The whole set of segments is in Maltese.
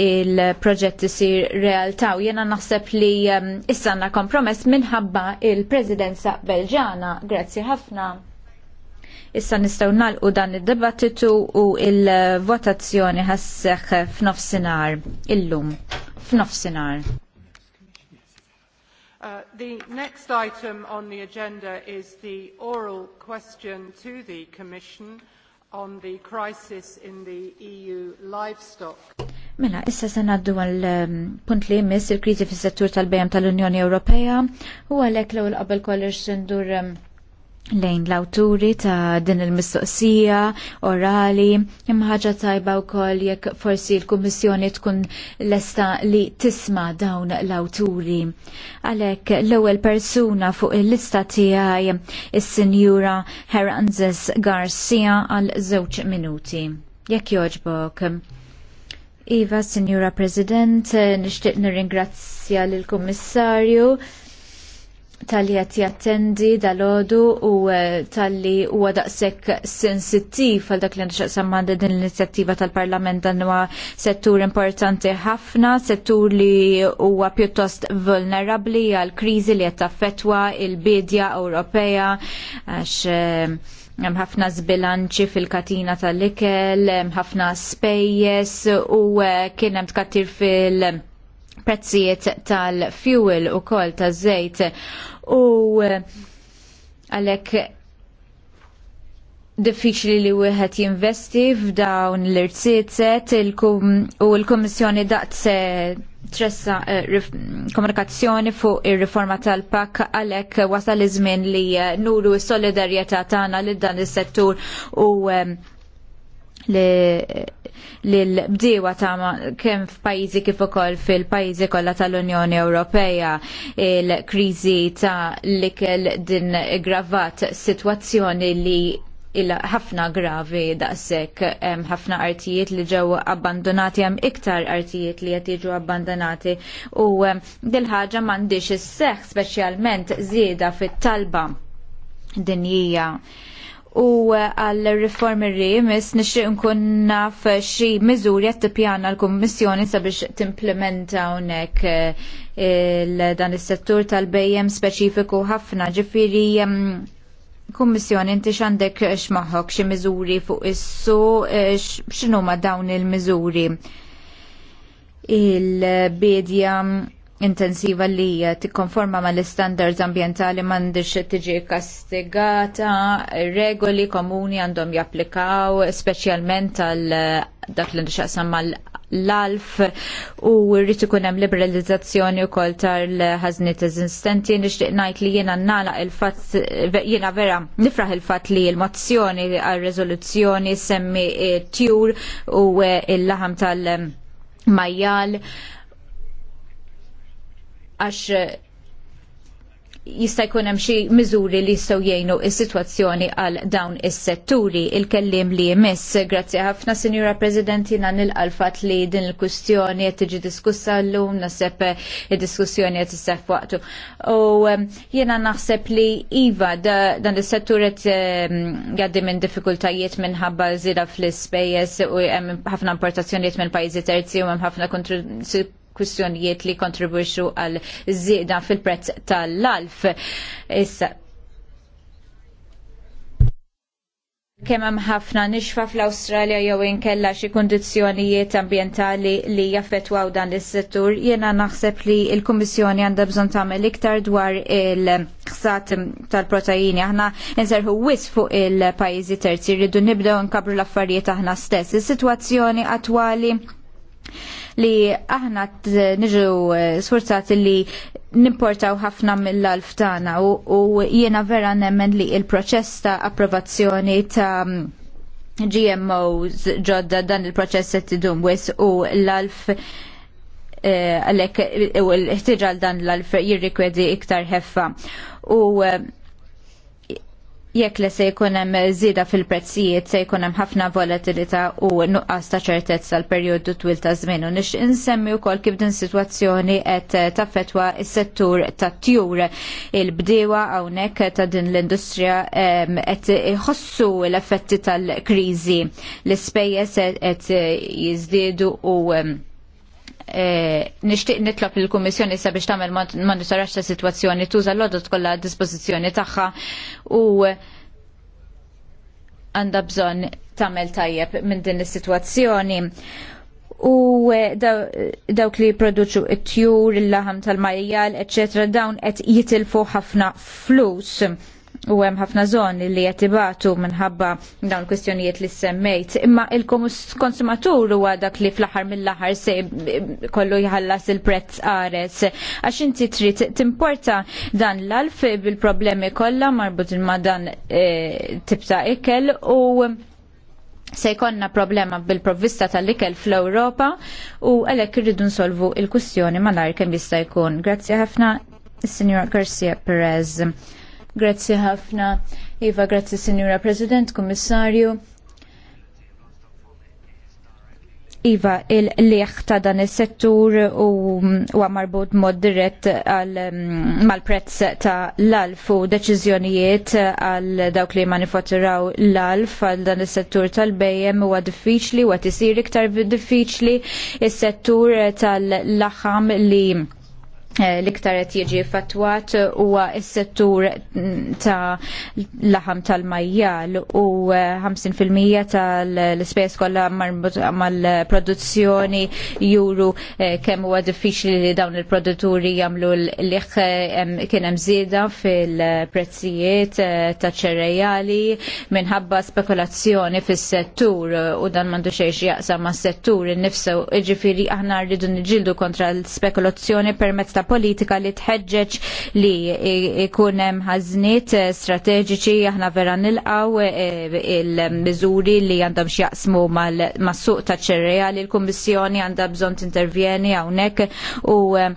il-proġett isir realtà u jena naħseb li um, issanna kompromess minħabba il-Presidenza Belġana. Grazzi ħafna. Issa nistgħu nagħlqu dan id-dibattitu u il-votazzjoni ħasseħ f'nofsinhar illum f'nofsinhar. Uh, the next item on the agenda is the oral question to the Commission on the crisis in the EU livestock. Mela, issa se naddu għal ehm, punt li jmiss il-kriżi fis-settur tal-bejem tal-Unjoni Ewropea u għalhekk l-ewwel qabel kollox sendur um, ehm, lejn l-awturi ta' din il-mistoqsija orali imma ħaġa tajba wkoll jekk forsi l-Kummissjoni tkun lesta li tisma' dawn l-awturi. Għalhekk l-ewwel persuna fuq il-lista tiegħi is-Sinjura Heranzes Garcia għal żewġ minuti. Jekk jogħġbok. Iva, Sinjura President, nixtieq nirringrazzja lill-Kummissarju tal-li għat jattendi dal-ħodu u eh, tal-li u għadaqsek sensittiv għal dak li għandxaqsam għanda din l-inizjattiva tal-parlament dan huwa settur importanti ħafna, settur li huwa pjuttost vulnerabli għal krizi li jattaffetwa il-bidja Ewropea għax eh, hemm ħafna żbilanċi fil-katina tal-ikel, hemm ħafna spejjeż u eh, kien hemm tkattir fil- prezzijiet tal-fuel u kol ta' zejt u eh, għalek diffiċli li wieħed jinvesti f'dawn l-irtsiet u l-Kummissjoni daqt se tressa eh, komunikazzjoni fuq ir-riforma tal-PAK għalhekk wasal iż-żmien li eh, nuru s-solidarjetà tagħna lil dan is-settur u l-bdiewa ta' kemm f'pajjiżi kif ukoll fil-pajjiżi kollha tal-Unjoni Ewropea il-kriżi ta' li kell din gravat sitwazzjoni li il ħafna gravi daqshekk hemm ħafna artijiet li ġew abbandonati hemm iktar artijiet li qed jiġu abbandonati u dil-ħaġa m'għandix isseħħ speċjalment żieda fit-talba dinjija. hija u eh, għal riformi rimis nixtieq nkun naf eh, xi miżuri qed tippjana l-Kummissjoni sabiex timplementa hawnhekk eh, dan is-settur tal-bejjem speċifiku ħafna ġifieri Kummissjoni inti x'għandek x'maħħok xi miżuri fuq is-su x'inhuma dawn il-miżuri il-bidja intensiva li tikkonforma mal istandards ambjentali m'għandix tiġi kastigata, regoli komuni għandhom japplikaw, speċjalment għal dak li xaqsam mal-alf u rrit ikun hemm liberalizzazzjoni wkoll tal t eżistenti nixtieq ngħid li jiena nala il-fatt jiena vera nifraħ il-fatt li l-mozzjoni għal-riżoluzzjoni semmi tjur u l-laħam tal- majjal għax eh, jista' jkun hemm xi miżuri li jistgħu jgħinu s-sitwazzjoni għal dawn is-setturi. Il-kellim li jmiss, grazzi ħafna Sinjura President jiena nilqalfat li din il-kwistjoni qed tiġi diskussa llum, naħseb eh, id-diskussjoni qed issef waqtu. U jiena naħseb li iva dan is-settur qed jgħaddi minn diffikultajiet minħabba żieda fl-ispejjeż u hemm ħafna importazzjonijiet minn pajjiżi terzi u hemm ħafna kwistjonijiet li kontribwixxu għal zida fil-prezz tal-alf. Issa, kemm hemm ħafna nixfa fl-Awstralja jew inkella xi kundizzjonijiet ambjentali li jaffettwaw dan is-settur, jiena naħseb li l-Kummissjoni għandha bżonn tagħmel iktar dwar il-ħsat tal-proteini. Aħna nserħu wis fuq il-pajjiżi terzi rridu nibdew nkabru l-affarijiet aħna stess. Is-sitwazzjoni attwali li aħna niġu eh, sforzati li nimportaw ħafna mill-alf tagħna u jiena vera nemmen li il-proċess ta' approvazzjoni ta' GMOs ġodda dan il-proċess qed idum wis u l-alf eh, għalek u l-ħtiġal dan l-alf jirrikwedi iktar ħeffa. U eh, jekk li se jkun hemm żieda fil-prezzijiet se jkun hemm ħafna volatilità u nuqqas ta' ċertezza l perjodu twil ta' żmien u nix insemmi wkoll kif din sitwazzjoni qed taffetwa s-settur tat-tjur il-bdiewa hawnhekk ta' din l-industrija qed iħossu l-effetti tal-kriżi l-ispejjeż qed jiżdiedu u Eh, nixtieq nitlob lill-Kummissjoni sabiex tagħmel monitoraġġ ta' sitwazzjoni tuża l-għodot kollha dispozizjoni dispożizzjoni tagħha u għandha bżonn tagħmel tajjeb minn din is-sitwazzjoni. U eh, dawk li jipproduċu it-tjur, il-laħam tal majjal eccetera, dawn qed jitilfu ħafna flus u hemm ħafna żoni li qed ibatu minħabba dawn kwistjonijiet li semmejt. Imma il-konsumatur huwa dak li fl-aħħar mill-aħħar se kollu jħallas il-prezz qares. Għax inti trid timporta dan l-alf bil-problemi kollha marbut ma dan e, tibta ikel u se jkollna problema bil-provvista tal-ikel fl-Ewropa u għalhekk irridu nsolvu il-kwistjoni malar kemm jista' jkun. Grazzi ħafna, Signor Garcia Perez. Grazzi ħafna. Iva, grazzi Signora President, Kommissarju. Iva, il-liħ ta' dan il-settur u marbut mod dirett mm, mal-prezz ta' l-alf u deċizjonijiet għal dawk li manifotiraw l-alf għal dan il-settur tal-bejem u diffiċli u għad isir iktar diffiċli il-settur tal-laħam li Eh, l-iktar qed jiġi fatwat huwa s-settur ta' laħam tal-majjal u 50% eh, tal-ispejjeż kollha mal-produzzjoni juru eh, kemm huwa diffiċli li dawn il-produtturi jagħmlu l-liħ kien hemm żieda fil-prezzijiet ta' ċerejali minħabba spekulazzjoni fis-settur u dan m'għandu xejn jaqsam mas-settur innifsu ġifieri aħna rridu niġildu kontra l-spekulazzjoni permezz ta' politika li tħeġġeġ li ikun hemm ħażniet eh, strateġiċi aħna vera nilqaw eh, il-miżuri li għandhom x'jaqsmu mas-suq ta' ċerreali l-Kummissjoni għandha bżonn tintervjeni hawnhekk u eh,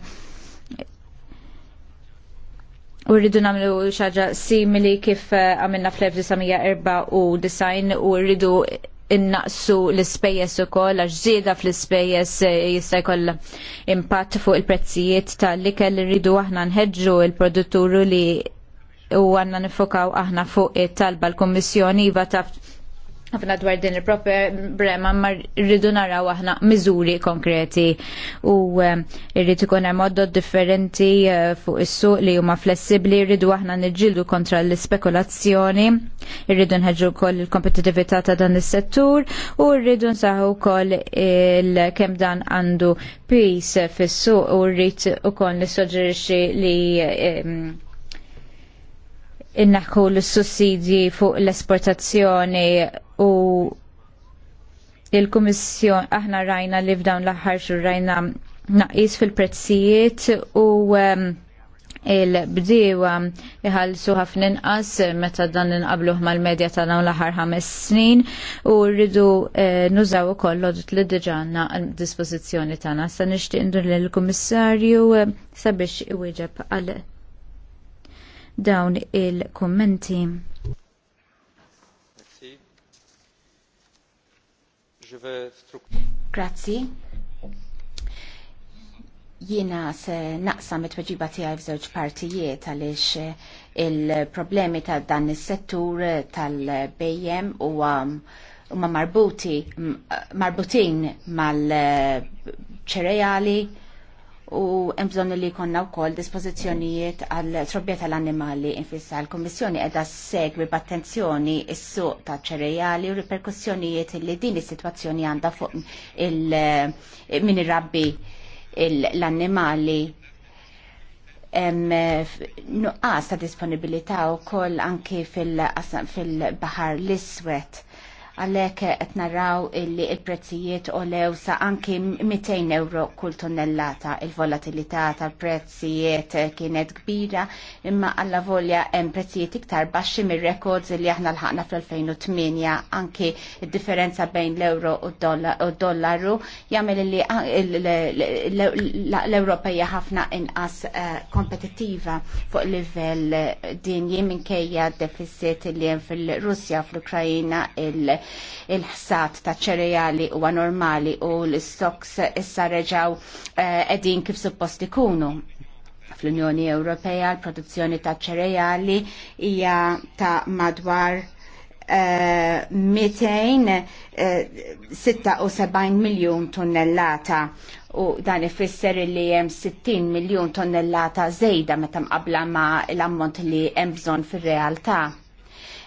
U rridu namlu xaġa simili kif għamilna fl-1994 u design u rridu innaqsu l-ispejjeż ukoll għax żieda fl-ispejjeż eh, jista' jkollha impatt fuq il-prezzijiet tal-ikel li rridu aħna nħeġġu il-produtturu li u għanna nifokaw aħna fuq it-talba l-Kommissjoni iva taf ħafna dwar din il brema ma rridu naraw aħna miżuri konkreti u eh, rrid ikun hemm għoddod differenti eh, fuq is-suq li huma flessibbli, rridu aħna niġġieldu kontra l-ispekulazzjoni, rridu nħeġġu wkoll il-kompetitività ta' dan is-settur u rridu nsaħħu wkoll kemm dan għandu peace fis-suq u rrid ukoll nissuġġerixxi li eh, innaħku l-sussidji fuq l-esportazzjoni u il-Kummissjon aħna rajna li f'dawn l-aħħar xhur rajna naqis fil-prezzijiet u um, il-bdiewa iħallsu ħafna inqas meta dan inqabluh mal-medja ta' dawn l-aħħar ħames snin u rridu eh, nużaw ukoll lodot li diġà għandna dispożizzjoni tagħna. Sa nixtieq ndur lill-Kummissarju eh, sabiex iwieġeb għal dawn il-kummenti. Grazzi. Jiena se naqsam it-tweġiba tiegħi f'żewġ partijiet għaliex eh, il-problemi ta' dan is-settur tal-bejjem huwa huma marbuti marbutin mal-ċereali, eh, u hemm bżonn li jkollna wkoll dispożizzjonijiet għal trobbja tal-annimali infissa l-Kummissjoni qiegħda segwi b'attenzjoni s-suq ta' ċerejali u riperkussjonijiet li din is-sitwazzjoni għandha fuq min irrabbi l-annimali nuqqas ta' disponibilità wkoll anki fil-baħar l-iswed għalhekk qed naraw illi il-prezzijiet lew sa anki 200 euro kull tonnellata. Il-volatilità tal-prezzijiet kienet kbira imma għalla volja hemm prezzijiet iktar baxxi mir-rekords li aħna lħaqna fl-2008 anki id-differenza bejn l-euro u d-dollaru jagħmel li l-Ewropeja ħafna inqas eh, kompetittiva fuq livell dinji minkejja deficit li hemm fil-Russja fl-Ukrajina il- il-ħsat ta' ċereali u normali u l stoks issa reġaw eh, edin kif suppost ikunu fl-Unjoni Ewropea l-produzzjoni ta' ċereali hija ta' madwar 276 eh, eh, miljon tonnellata u dan ifisser li hemm 60 miljon tonnellata żejda meta mqabbla ma l-ammont li hemm bżonn fir-realtà.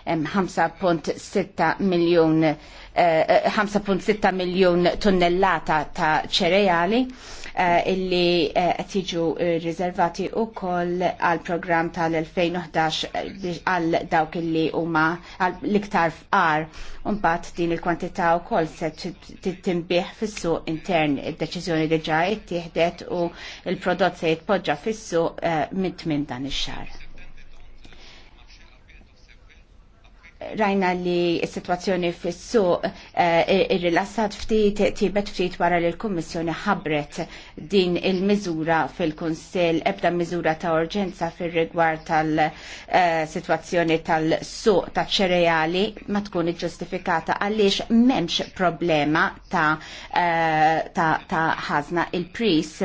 5.6 miljon 5.6 miljon tonnellata ta' ċereali eh, illi eh, qed jiġu riservati wkoll għal programm tal-2011 għal dawk illi huma l-iktar fqar mbagħad din il-kwantità wkoll se timbih fis-suq intern id-deċiżjoni diġà ttieħdet u l-prodott se jitpoġġa fis-suq eh, minn tmiem dan ix-xahar. rajna li s-situazzjoni fis-suq eh, rilassat ftit tibet ftit wara li l-Kummissjoni ħabret din il-miżura fil konsil ebda miżura ta' urġenza fir-rigward tal-situazzjoni eh, tal-suq ta' ċereali ma tkun iġġustifikata għaliex m'hemmx problema ta' eh, ta' ħażna il-pris,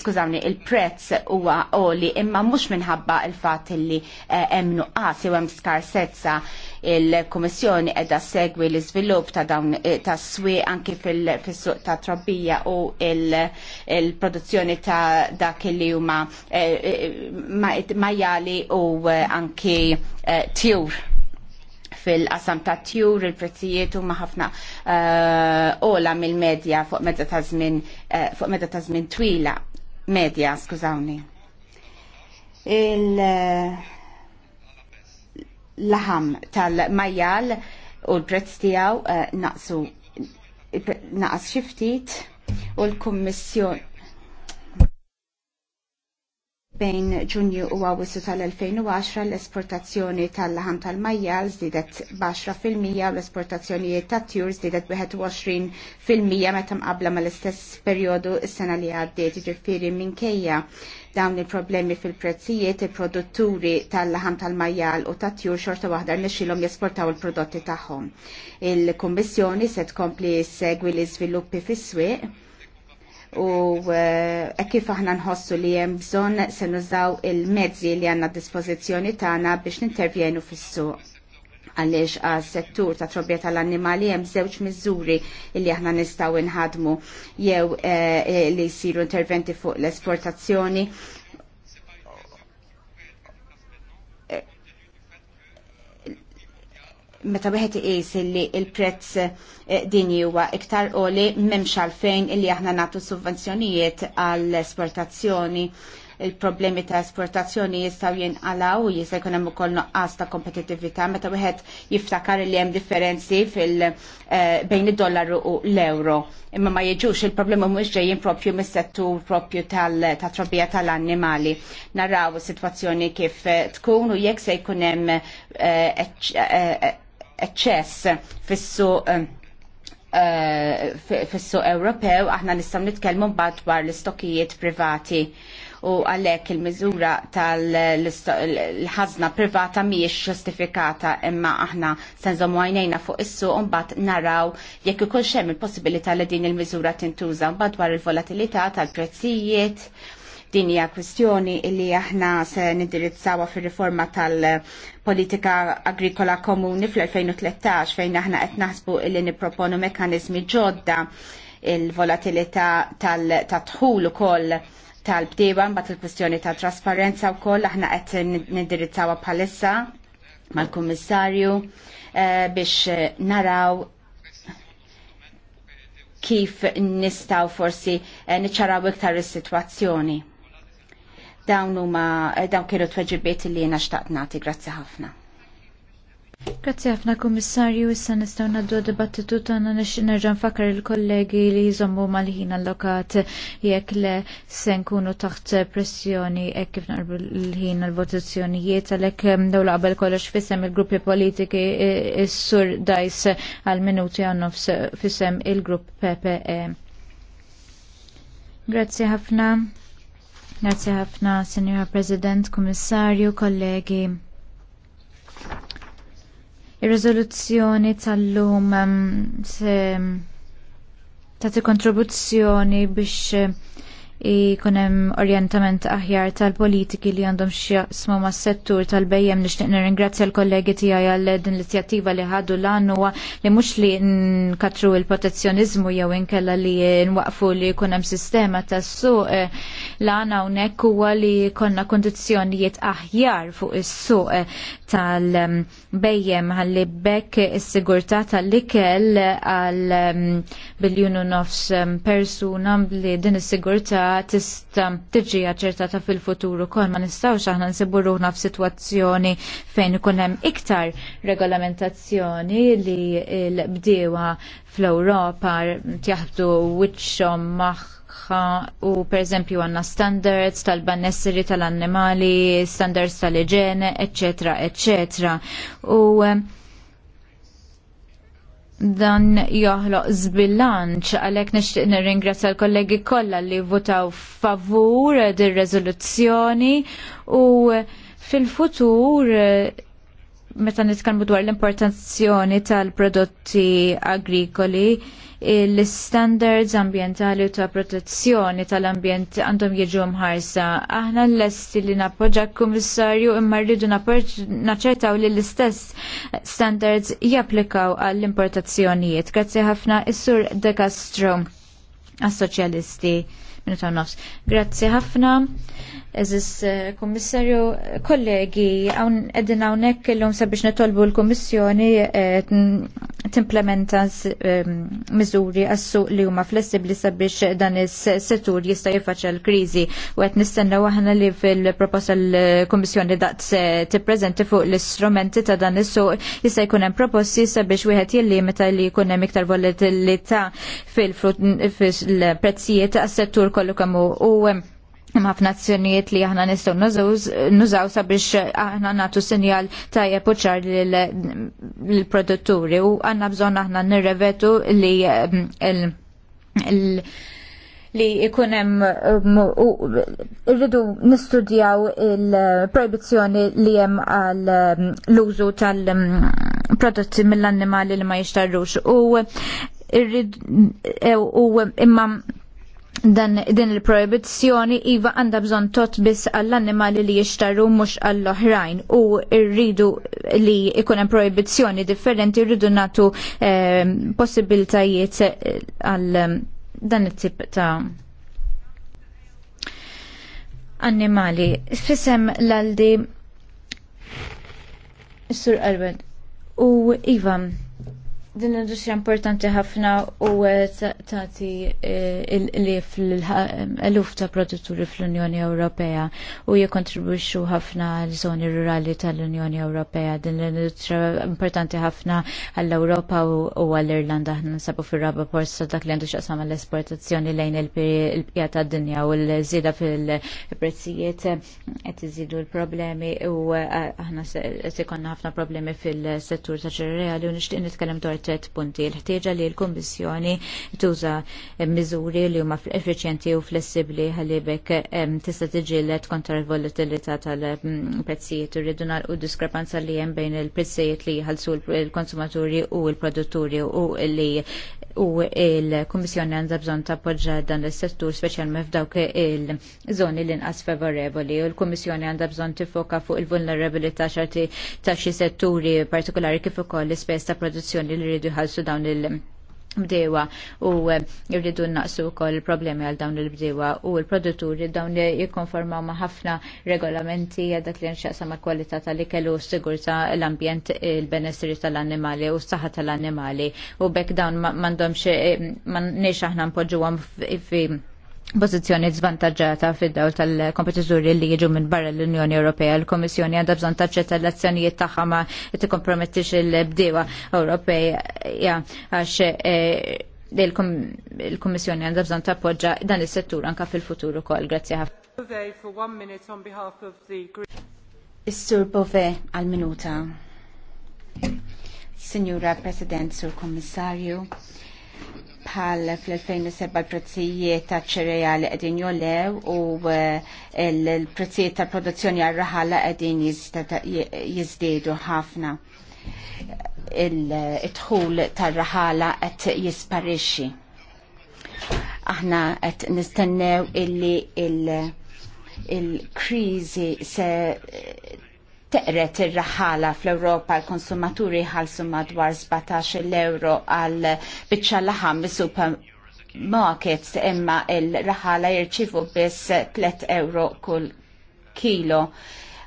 skużawni il-prezz huwa oli imma mhux minħabba il-fatt li hemm nuqqas jew hemm skarsezza Il-Komissjoni edha segwi l-izvilup ta' dawn eh, ta' swi anki fil-suq ta' trabbija u il-produzzjoni ta' dak li huma eh, eh, majali majjali u anki tjur fil-qasam ta' tjur il-prezzijiet huma ħafna ola mill-medja fuq meta ta' żmien twila medja, skużawni. Il- laħam tal-majjal u l-prezz tiegħu eh, naqsu naqas xi ftit u l-kummissjon bejn ġunju u għawissu tal-2010 l-esportazzjoni tal-laħam tal-majjal żdiedet fil-mija u l-esportazzjonijiet tat-tjur żdiedet b'21% meta mqabbla mal-istess perjodu s-sena li għaddiet minn kejja dawn il-problemi fil-prezzijiet il-produtturi tal-laħam tal-majjal u tat-tjur xorta waħda nixilhom jesportaw il-prodotti tagħhom. Il-Kummissjoni se tkompli segwi l-iżviluppi fis-swieq u eh, e kif aħna nħossu li hemm bżonn se nużaw il-mezzi li għandna dispożizzjoni tagħna biex nintervjenu fis-suq għaliex għas settur ta' trobbja tal-annimali hemm żewġ miżuri li aħna nistgħu inħadmu jew eh, eh, li jsiru interventi fuq l-esportazzjoni eh, meta wieħed iqis li l-prezz dinji huwa iktar qoli memx għalfejn illi aħna nagħtu suvvenzjonijiet għall-esportazzjoni il-problemi ta' esportazzjoni jistgħu jinqalaw u jista' jkun hemm ukoll noqqas ta' kompetitività meta wieħed jiftakar li hemm differenzi fil eh, bejn id-dollaru u l-euro. Imma ma jiġux il-problema mhux ġejjin propju mis-settur propju tal-trobija tal-annimali. Naraw is-sitwazzjoni kif eh, tkun u jekk se jkun hemm eh, eċċess fissu fissu Ewropew aħna nistgħu nitkellmu mbagħad dwar l-istokkijiet privati u għalhekk il-miżura tal ħazna privata mhijiex justifikata imma aħna se għajnejna fuq issu un mbagħad naraw jekk ikun hemm il-possibilità li din il-miżura tintuża mbagħad dwar il-volatilità tal-prezzijiet din hija kwistjoni li aħna se nindirizzawha fir-riforma tal-politika agrikola komuni fl-2013 fejn aħna qed naħsbu li nipproponu mekkaniżmi ġodda il-volatilità tal-tħul ukoll tal-bdewa mbagħad il-kwistjoni ta' trasparenza wkoll aħna qed nindirizzawha bħalissa mal-Kummissarju eh, biex eh, naraw kif nistaw forsi eh, niċċaraw iktar is-sitwazzjoni. Dawn huma dawn kienu tweġibiet li jiena xtaqt nagħti, grazzi ħafna. Grazie ħafna kummissarju, issa nistgħu naddu dibattitu tagħna nix nerġa' fakar il-kollegi li jżommu mal-ħin allokat jekk le se nkunu taħt pressjoni hekk kif narbu l-ħin għall-votazzjonijiet għalhekk mm, daw qabel kollox fissem il-gruppi politiki s sur dajs għal minuti għan nofs fissem il-grupp PPE. Grazie ħafna. Grazie ħafna, Senjora President, Kummissarju, kollegi. Ir-riżoluzzjoni tal-lum ta' kontribuzzjoni biex ikunem orientament aħjar tal-politiki li għandhom xjaqsmu ma' settur tal-bejjem nixtieq nirringrazzja l-kollegi tiegħi għal din l-inizjattiva li ħadu l-għan li mhux li nkatru il-protezzjonizmu jew inkella li nwaqfu li jkun hemm sistema tas-suq eh, l-għan hawnhekk huwa li konna kondizzjonijiet aħjar fuq is-suq eh, tal-bejjem ħalli bekk is-sigurtà tal-ikel għal mm, biljunu nofs mm, persuna li din is-sigurtà tista tiġi aċċertata fil-futur ukoll ma nistgħux aħna nsibu ruħna f'sitwazzjoni fejn ikun hemm iktar regolamentazzjoni li l-bdiewa fl-Ewropa tjaħdu wiċċhom magħha u per eżempju għanna standards tal banessiri tal-annimali, standards tal-iġene, eccetera, eccetera. U eh, dan joħloq zbilanċ għalhekk nixtieq nirringrazzja l-kollegi kollha li votaw favur dir-reżoluzzjoni u fil-futur meta nitkellmu dwar l-importazzjoni tal-prodotti agrikoli l-standards ambientali u ta' protezzjoni tal-ambjent għandhom jiġu mħarsa. Aħna l-lest li nappoġġa kummissarju imma rridu naċċertaw li l-istess standards japplikaw għall-importazzjonijiet. Grazzi ħafna is-sur De Castro għas-soċjalisti minuta nofs. Grazzi ħafna. Eżis eh, kommissarju, kollegi, għawn edin għawnek l-lum sabiex netolbu l-kommissjoni eh, timplementa ehm, mizuri għassu li huma flessibli sabiex dan is-settur jista' jifaċċa l-kriżi u qed nistenna għahna li fil-proposta l-Kummissjoni daqs tippreżenti fuq l-istrumenti ta' dan is-suq jista' jkun hemm proposti sabiex wieħed jillimita li jkun hemm iktar volatilità fil-prezzijiet għas-settur kollu kamu u ħafna azzjonijiet li aħna nistgħu nużaw sabiex aħna nagħtu sinjal tajjeb u ċar lill-produtturi u għandna bżonn aħna nirrevetu li li hemm irridu nistudjaw il-proibizjoni li hemm għal l-użu tal-prodotti mill-annimali li ma jixtarrux u irrid e, imma dan din il-proibizzjoni iva għandha bżonn tot biss għall-annimali li jixtarru mhux għall-oħrajn u rridu li jkun hemm proibizzjoni differenti rridu nagħtu eh, possibiltajiet eh, għal eh, dan it-tip ta' annimali. Fisem l-għaldi Sur Albert u Iva Din industrija importanti ħafna u tagħti eh, li fl-eluf eh, ta' produtturi fl-Unjoni Ewropea u jikkontribwixxu ħafna l żoni rurali tal-Unjoni Ewropea. Din l-industrija importanti ħafna għall-Ewropa u għall-Irlanda aħna nsabu fir-raba porsa dak li għandu x'aqsam għall-esportazzjoni lejn il-pija tad-dinja u l-żieda fil-prezzijiet qed iżidu l-problemi u eh, aħna se ħafna problemi fil-settur ta' ċerreali u nixtieq nitkellem dwar tliet punti l-ħtieġa li l-Kummissjoni tuża miżuri li huma effiċjenti u flessibbli ħalli bekk tista' tiġilet kontra l-volatilità tal-prezzijiet irridu nagħlqu diskrepanza li hemm bejn il-prezzijiet li jħallsu l-konsumaturi u l-produtturi u li u il-Kummissjoni għandha bżonn tappoġġa dan is-settur speċjalment f'dawk il-żoni l-inqas favorevoli u l-Kummissjoni għandha bżonn tifoka fuq il-vulnerabilità xarti ta' xi setturi partikolari kif ukoll l-ispess ta' produzzjoni li rridu jħallsu dawn il- bdewa u jirridu eh, naqsu kol problemi għal dawn il-bdewa u l-produtturi dawn jikonformaw ma' ħafna regolamenti għadak li nxaqsa ma' kwalità tal s u sigurta l-ambjent il-benessri tal-annimali u s-saħħa tal-annimali u bekk dawn mandomx eh, man nex aħna għam fi pozizjoni zvantaġġata fid-dawl tal kompetizuri li jiġu minn barra l-Unjoni Ewropea. L-Komissjoni għandha bżonn taċċetta l-azzjonijiet tagħha ma tikkompromettix il-bdiewa Ewropea għax e, il-Komissjoni għandha bżonn tappoġġa dan is-settur anka fil-futur ukoll. Grazzi ħafna. Is-Sur Bove għal-minuta. Signora President, Sur Kommissarju, bħal fl-2007 l-prezzijiet ta' ċereali qegħdin jolew u eh, l-prezzijiet ta' produzzjoni għal-raħala qegħdin jiżdiedu ħafna. Il-dħul tar-raħala qed jisparixxi. Aħna qed nistennew illi il- il-krizi se teqret ir-raħala fl-Ewropa l-konsumaturi ħalsu madwar 17 euro għal biċċa laħam supermarkets imma il-raħala jirċivu biss 3 euro kull kilo.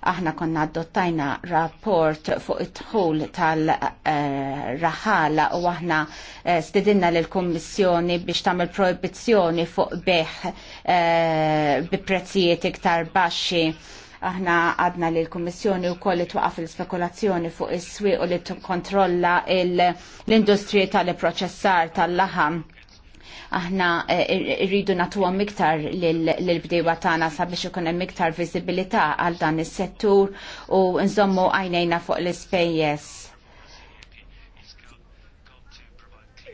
Aħna konna adottajna rapport fuq it-tħul tal-raħala u aħna eh, stedinna l-Kommissjoni biex tamil proibizzjoni fuq beħ eh, bi prezzijiet iktar baxxi Aħna għadna li l-Kommissjoni u koll twaqaf l-spekulazzjoni fuq is-swi u li kontrolla l-industrija tal-proċessar tal-laħam. Aħna eh, rridu natuwa miktar l bdejwa tana sabiex ikun hemm miktar viżibilità għal dan is-settur u nżommu għajnejna fuq l-ispejjeż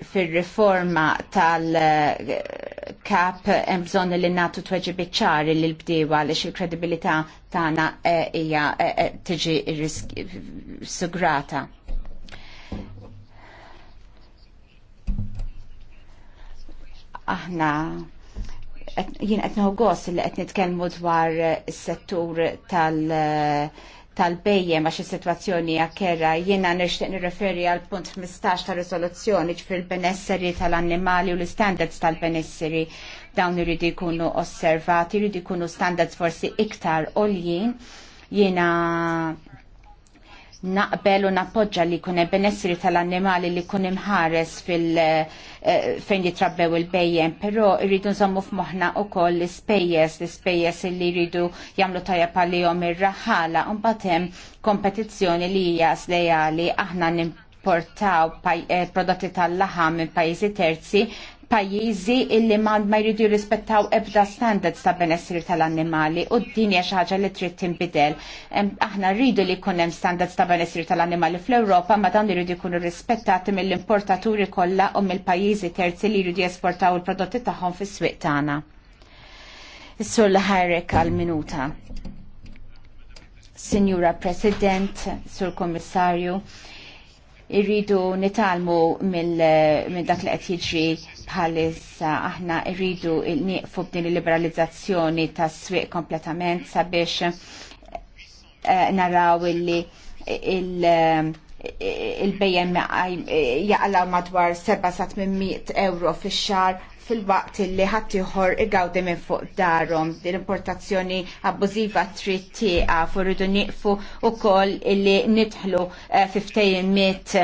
fil-riforma tal-kap hemm bżonn li nagħtu tweġibi ċari l bdiewa għaliex il-kredibilità tagħna eh, hija eh, eh, tiġi sugrata. Aħna jien qed nħu li qed nitkellmu dwar is-settur tal- uh, tal-bejjem għax is-sitwazzjoni għakera jiena nixtieq nirreferi għal punt 15 tal riżoluzzjoni ġifir benesseri tal-annimali u l-standards tal-benesseri dawn iridu jkunu osservati, iridu jkunu standards forsi iktar oljin jiena naqbel u nappoġġa li jkun hemm benessri tal-annimali li jkun imħares fil- eh, fejn jitrabbew il-bejjem, però rridu nżommu f'moħħna wkoll l-ispejjeż, l-ispejjeż li jridu jagħmlu tajja għalihom ir-raħala u mbagħad hemm kompetizzjoni li hija slejali aħna nimportaw eh, prodotti tal-laħam minn pajjiżi terzi pajjiżi illi ma jridu jirrispettaw ebda standards ta' benessri tal-annimali u din hija xi ħaġa li trid tinbidel. Aħna rridu li jkun hemm standards ta' benessri tal-annimali fl-Ewropa ma dan jridu jkunu rispettati mill-importaturi kollha u mill-pajjiżi terzi li jridu jesportaw il-prodotti tagħhom fis-swieq tagħna. Is-sur ħarek għal-minuta. Signora President, Sur Kommissarju, irridu nitalmu mill dak li qed jiġri bħalissa aħna irridu nieqfu b'din il-liberalizzazzjoni tas-swieq kompletament sabiex eh, naraw illi eh, il-bejjem jaqla madwar 7-800 euro fix xar fil-waqt li ieħor igawdi minn fuq darhom l-importazzjoni abbużiva trid tieqa u rridu nieqfu wkoll li nidħlu eh, fiftejmiet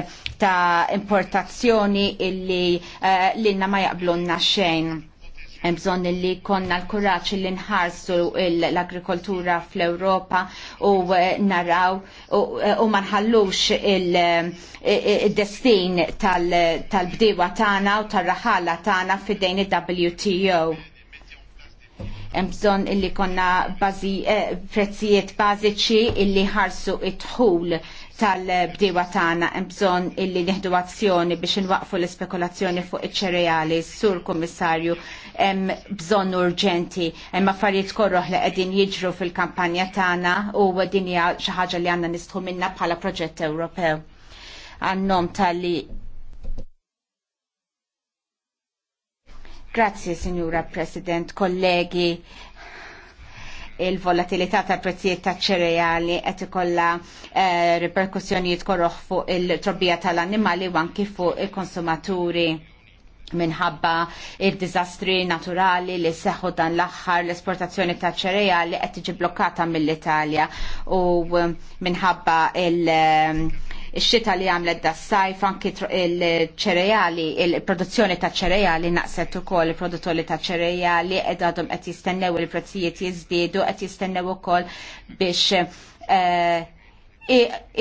ta' importazzjoni illi eh, ilna ma jaqblunna xejn. Hemm bżonn li konna l-kuraġġ li nħarsu l-agrikoltura fl-Ewropa u eh, naraw eh, u ma nħallux il-destin eh, tal bdiwa tagħna u tar-raħala tagħna fidejn il-WTO. Hemm bżonn illi konna prezzijiet bażiċi illi ħarsu it-tħul tal-bdiewa tagħna hemm bżonn illi nieħdu azzjoni biex inwaqfu l-ispekulazzjoni fuq iċ-ċereali, sur Kummissarju, hemm bżonn urġenti, hemm affarijiet korroħ li qegħdin jiġru fil-kampanja tagħna u din hija xi ħaġa li għandna nistħu minnha bħala proġett Ewropew. Għannom tal-li Grazie, Signora President, kollegi il-volatilità tal prezzijiet ta' ċereali qed ikollha eh, riperkussjonijiet korroħ fuq il-trobbija tal-annimali u anki fuq il-konsumaturi minħabba il-dizastri naturali li seħħu dan l-axħar l-esportazzjoni ta' ċereali qed tiġi blokkata mill-Italja u minħabba il- Ix-xita li għamlet da sajf anki il ċerejali il-produzzjoni ta' ċerejali naqset ukoll il-produttori ta' ċerejali ed għadhom qed jistennew il-prezzijiet jiżdiedu, qed jistennew ukoll biex eh,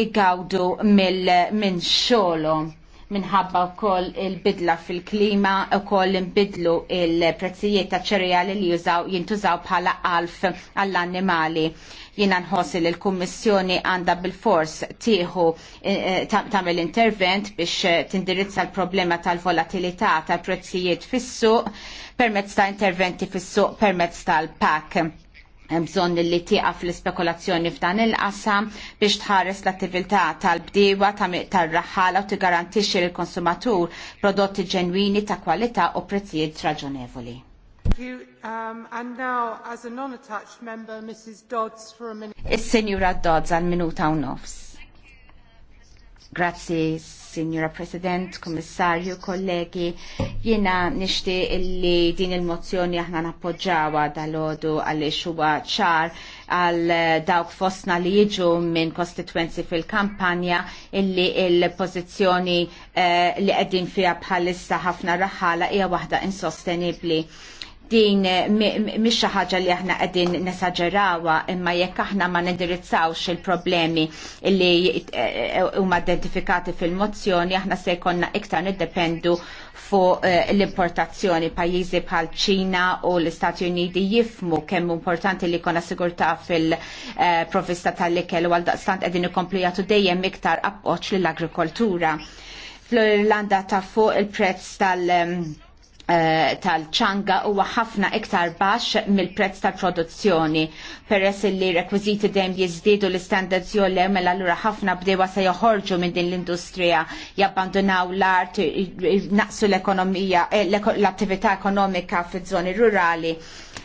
igawdu minn xogħolhom minħabba wkoll il-bidla fil-klima wkoll imbidlu il-prezzijiet ta' ċerjali li jużaw jintużaw bħala alf għall-annimali. Jiena nħossi li l-Kummissjoni għandha bil-fors tieħu eh, eh, tagħmel intervent biex eh, tindirizza l-problema tal-volatilità tal-prezzijiet fis-suq permezz ta' interventi fis-suq permezz tal-PAK bżonn li tieqa fl-ispekulazzjoni f'dan il-qasam biex tħares l-attività tal-bdiewa tar-raħala u tigarantixxi lill konsumatur prodotti ġenwini ta' kwalità u prezzijiet raġonevoli. Um, Is-Sinjura Dodds għal minuta u nofs. Grazzi, Signora President, Kommissarju, kollegi, jina nishti illi din il-mozzjoni aħna nappoġġawa dal-ħodu għalli xuwa ċar għal dawk fosna li jiġu minn konstituenzi fil-kampanja illi il-pozizjoni eh, li għeddin fija bħalissa ħafna raħala hija waħda insostenibli din mhix xi ħaġa li aħna qegħdin nesaġerawha imma jekk aħna ma nindirizzawx il-problemi li eh, eh, huma identifikati fil-mozzjoni aħna se jkollna iktar niddependu fuq eh, l-importazzjoni pajjiżi bħal ċina u l-Istati Uniti jifmu kemm importanti li jkollna sigurtà fil-provista tal-ikel u għaldaqstant qegħdin ikomplu jagħtu dejjem iktar appoġġ lill-agrikoltura. Fl-Irlanda ta' fuq il-prezz tal- ehm, Eh, tal-ċanga huwa ħafna iktar baxx mill-prezz tal-produzzjoni. Peress li rekwiziti dejjem jiżdiedu l-istandards jolem mela allura ħafna bdewa se joħorġu minn din l-industrija jabbandunaw l-art, naqsu l-ekonomija, eh, l-attività ekonomika fiż żoni rurali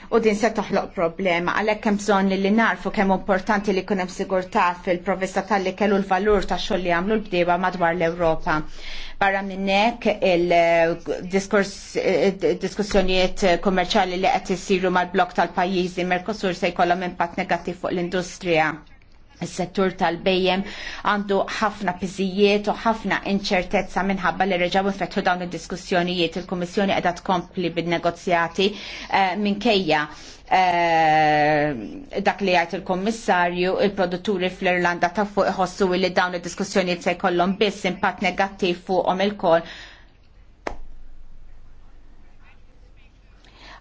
u din se toħloq problema għalhekk hemm bżonn li narfu kemm importanti li jkun hemm sigurtà fil-provista tal-li kellu l-valur ta' xogħol li jagħmlu l-bdieba madwar l-Ewropa. Barra minn hekk il-diskussjonijiet kummerċjali li qed isiru mal-blok tal-pajjiżi Mercosur se jkollhom impatt negattiv fuq l-industrija Is-settur tal-bejjem għandu ħafna piżijiet u ħafna inċertezza minħabba li reġaw infetħu dawn id-diskussjonijiet. Il-Kummissjoni qiegħda tkompli bin-negozjati eh, minkejja eh, dak li jgħid il-Kommissarju, il-produtturi fl-Irlanda ta' fuq iħossu li dawn id-diskussjonijiet se jkollhom biss impatt negattiv fuqhom il-kol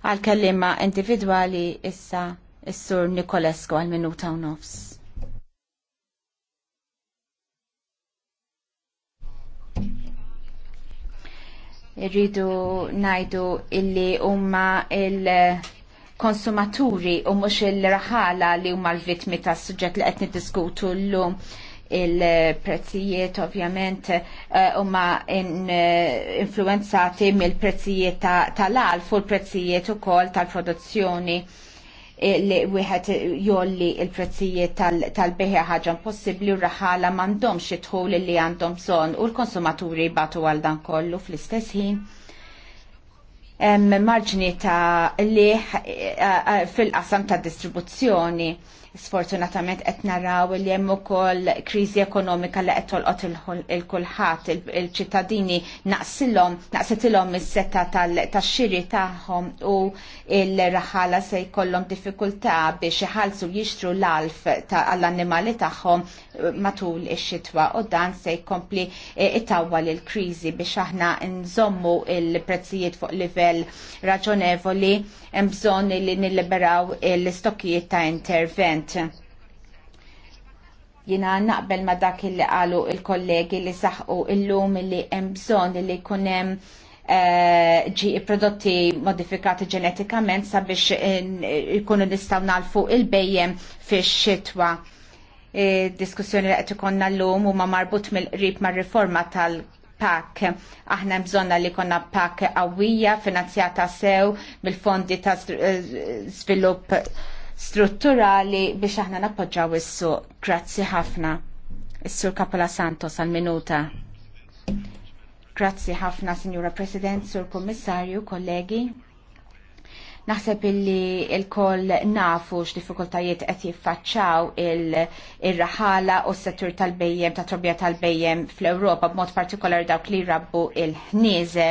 għal kellima individwali issa is-sur Nikolesku għal minuta u nofs. Irridu najdu illi huma il- konsumaturi u mhux il-raħala li huma l-vittmi tas suġġett li qed niddiskutu llum il-prezzijiet ovvjament eh, huma eh, influenzati mill-prezzijiet tal-alf u l-prezzijiet ukoll tal-produzzjoni. Eh, li wieħed jolli il-prezzijiet tal-beħi ħaġa possibbli u raħala m'għandhomx id-dħul li għandhom bżonn u l-konsumaturi jbatu għal dan kollu fl-istess ħin. Marġni ta' liħ eh, eh, fil-qasam ta' distribuzzjoni Sfortunatament qed naraw li hemm ukoll kriżi ekonomika li qed tolqot il-kulħadd il-ċittadini naqsilhom naqsetilhom is-setta tax-xiri tagħhom u l-raħala se jkollhom diffikultà biex iħallsu jixtru l-alf għall-annimali tagħhom eh, matul ix-xitwa u dan se jkompli eh, itawwal il-kriżi biex aħna nżommu il-prezzijiet fuq livell raġonevoli hemm bżonn li nilliberaw l-istokkijiet ta' intervent President. Jina naqbel ma dak li qalu il-kollegi li saħqu illum li hemm bżonn li kunem eh, ġi uh, prodotti modifikati ġenetikament sabiex eh, ikunu nistaw nalfu il-bejjem fix xitwa. E, diskussjoni li qed ikonna llum huma marbut mill-qrib mar-riforma tal PAK. Aħna bżonna li konna PAK qawwija finanzjata sew mill-fondi ta' eh, svilupp strutturali biex aħna nappoġġaw is-suq. Grazzi ħafna. Is-Sur Kapola Santos għal minuta. Grazzi ħafna, Signora President, Sur Kommissarju, kollegi. Naħseb illi il-koll nafu x-difikultajiet qed jiffaċċaw il-raħala u s-settur tal-bejjem, ta' trobja tal-bejjem fl-Ewropa, b'mod partikolar dawk li rabbu il ħnieze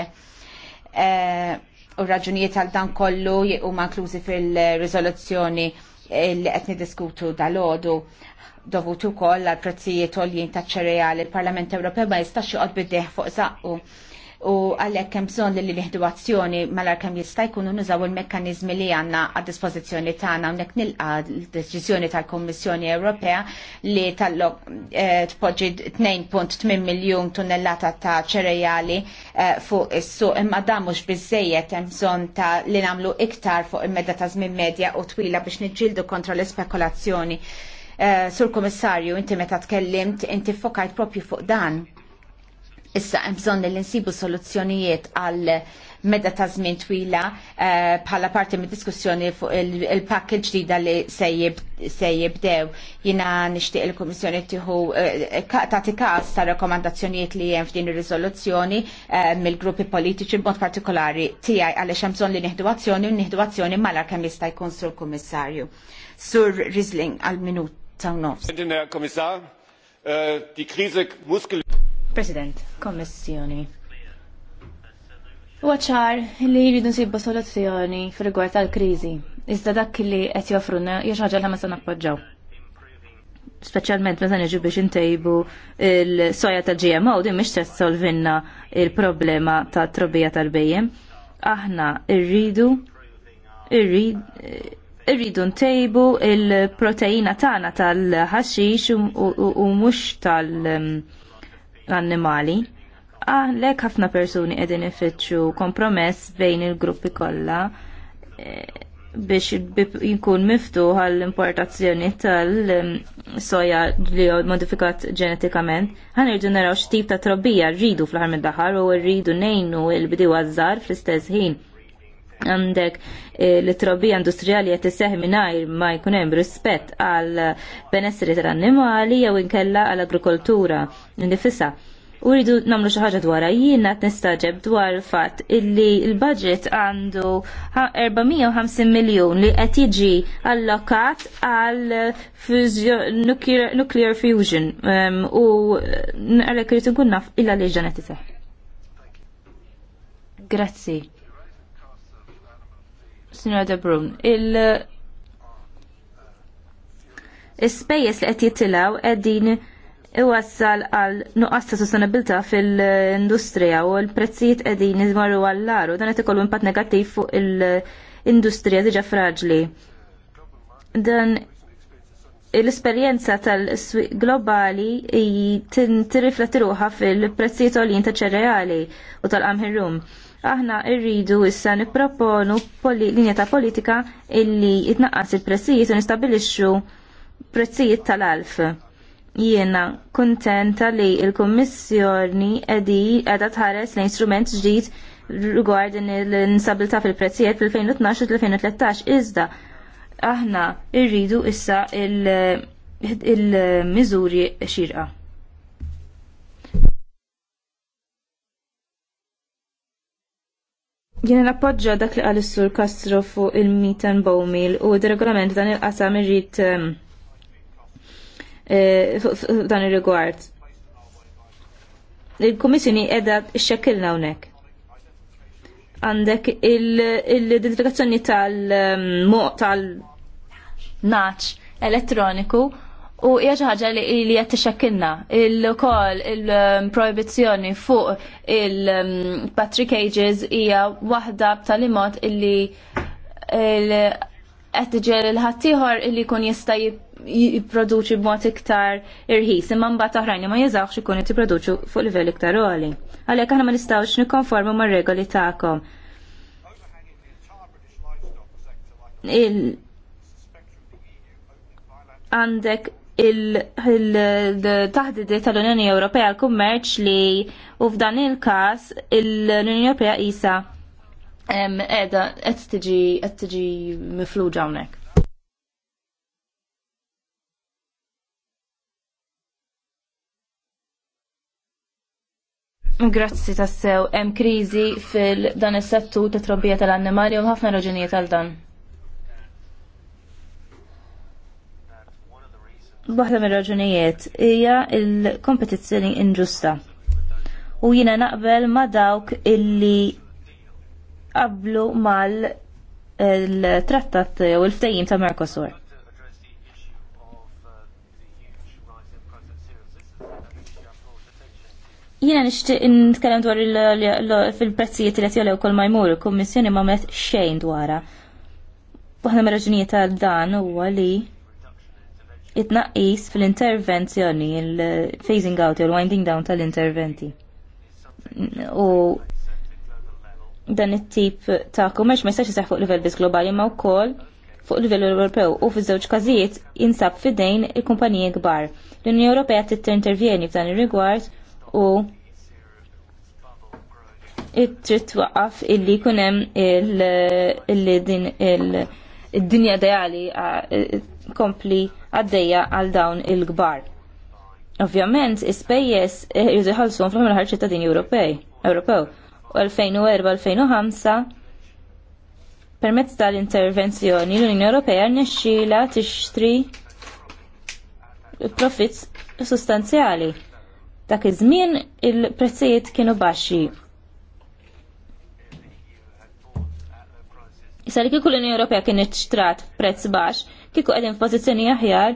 Uh, eh, u raġunijiet għal dan kollu huma inklużi fil-riżoluzzjoni eh, li qed niddiskutu dal-għodu dovutu koll għal prezzijiet għoljien ta' ċereali, il-Parlament Ewropew ma jistax joqgħod biddeħ fuq zaqqu u għalhekk hemm bżonn li liħdu azzjoni malar kemm jista' jkunu nużaw il-mekkaniżmi li għandna għad dispożizzjoni tagħna hawnhekk nilqa l-deċiżjoni tal-Kummissjoni Ewropea li tal-lok eh, tpoġġi 2.8 miljun tunnellata ta' ċerejali eh, fuq is su imma dan mhux biżejjed hemm bżonn ta' li nagħmlu iktar fuq il-medda ta' żmien medja u twila biex niġġieldu kontra l spekulazzjoni eh, Sur Kummissarju, inti meta tkellimt, inti fokajt propju fuq dan Issa bżonn li nsibu soluzzjonijiet għal meda ta' żmien twila eh, bħala parti mid diskussjoni fuq il-pakk ġdida li se jibdew. Jina nixtieq il-Kummissjoni tieħu eh, tagħti każ ta' rakkomandazzjonijiet li hemm f'din ir-riżoluzzjoni eh, mill-gruppi politiċi b'mod partikolari tiegħi għaliex hemm bżonn li nieħdu azzjoni u nieħdu azzjoni malar kemm jista' jkun sur kummissarju. Sur Rizling għal minut ta' nofs. Äh, die Krise muss President, Kommissjoni. U ċar li jridu nsibbu soluzzjoni fil-rigward tal-kriżi, iżda dak li qed joffruna hija xi ħaġa li ma se nappoġġaw. Speċjalment meta niġu biex intejbu il-soja tal-GMO din mhix se solvinna il-problema ta' trobija tal-bejjem. Aħna rridu irridu ntejbu il-proteina tagħna tal-ħaxix u mhux tal- l-annimali. Għalek ħafna persuni edin ifittxu kompromess bejn il-gruppi kollha eh, biex jinkun miftuħ għall-importazzjoni tal-soja li modifikat ġenetikament, ħan irridu naraw x'tip ta' trobbija rridu fl-ħarm id-daħar u rridu nejnu l-bidiwa għazzar fl-istess ħin għandek eh, l-trobija industrijali qed isseħ mingħajr ma jkun hemm rispett għal benessri tal-annimali jew inkella għal agrikoltura nifissa. Uridu nagħmlu xi ħaġa dwarha jiena t nistaġeb dwar fatt illi l-budget għandu 450 miljun li qed jiġi allokat għal nuclear fusion u eh, għalek irid inkun naf illa li ġanet iseħħ. Grazzi. Signora De Brun, il- Is-spejjeż li qed jitilgħu qegħdin iwassal għal nuqqas ta' sostenibilità fil-industrija u l-prezzijiet qegħdin iżmarru għall u dan qed ikollu impatt negattiv fuq il-industrija diġà fraġli. Dan l-esperjenza tal-swieq globali tirrifletti ruħha fil-prezzijiet għolin ta' ċereali u tal-qamħirrum. rum aħna rridu issa nipproponu linja ta' politika illi jitnaqqas il-prezzijiet u nistabilixxu prezzijiet tal-alf. Jiena kuntenta li l kummissjoni qiegħda tħares l instrument ġdid rigward l-instabilità fil-prezzijiet fil-2012 u 2013 iżda aħna rridu issa il-miżuri xirqa. Jien nappoġġja dak li qal is-sur Kastro fuq il-meet and bow u d-regolament dan il-qasam irrid ehm, eh, dan ir-rigward. Il-Kummissjoni qiegħda xxekkilna hawnhekk. Għandek il-identifikazzjoni tal-naċ ehm, elettroniku U hija xi ħaġa li qed tixxekkilna il-ukoll il-proibizzjoni fuq il patrick Ages hija waħda b'tali mod illi qed tiġel il ħattijħor illi jkun jista' jipproduċi b'mod iktar irħis imma mbagħad oħrajn ma jeżawx ikun qed jipproduċu fuq livell iktar għoli. Għalhekk aħna ma nistgħux nikkonformu mar-regoli tagħkom. għandek il-taħdidi tal-Unjoni Ewropea l-kummerċ li u f'dan il-kas l-Unjoni Ewropea isa edha qed tiġi qed tiġi mifluġa hawnhekk. Grazzi tassew, hemm kriżi fil-dan is-settur tat-trobbija tal-annimali u ħafna raġunijiet għal dan. Waħda mir-raġunijiet hija l-kompetizzjoni inġusta. U jiena naqbel ma dawk illi qablu mal il-trattat u l ftajim ta' Mercosur. Jina nishtiq nitkellem dwar il prezzijiet li qed kol ma jmur, il-Kummissjoni ma met xejn dwarha. Waħda mir-raġunijiet għal dan huwa li it-naqis fil-intervenzjoni, il-phasing out, il-winding down tal-interventi. U dan it-tip ta' kummerċ ma jistax jisax fuq livell biss globali ma' wkoll fuq livell Ewropew u fi żewġ każijiet jinsab fidejn il-kumpaniji kbar. L-Unjoni Ewropea trid intervjeni f'dan ir-rigward u trid twaqqaf illi jkun hemm il-dinja ideali kompli għaddeja għal dawn il-kbar. Ovvjament, ispejjeż eh, irridu fl-ħamil ħar ċittadini Ewropej, Ewropew. U 2004-2005 permezz tal-intervenzjoni l-Unjoni Ewropea rnexxila tixtri profits sustanzjali. Dak iż-żmien il-prezzijiet kienu baxxi. Issa li kieku l-Unjoni Ewropea kien iċtrat prezz baxx, kieku qegħdin f'pożizzjoni aħjar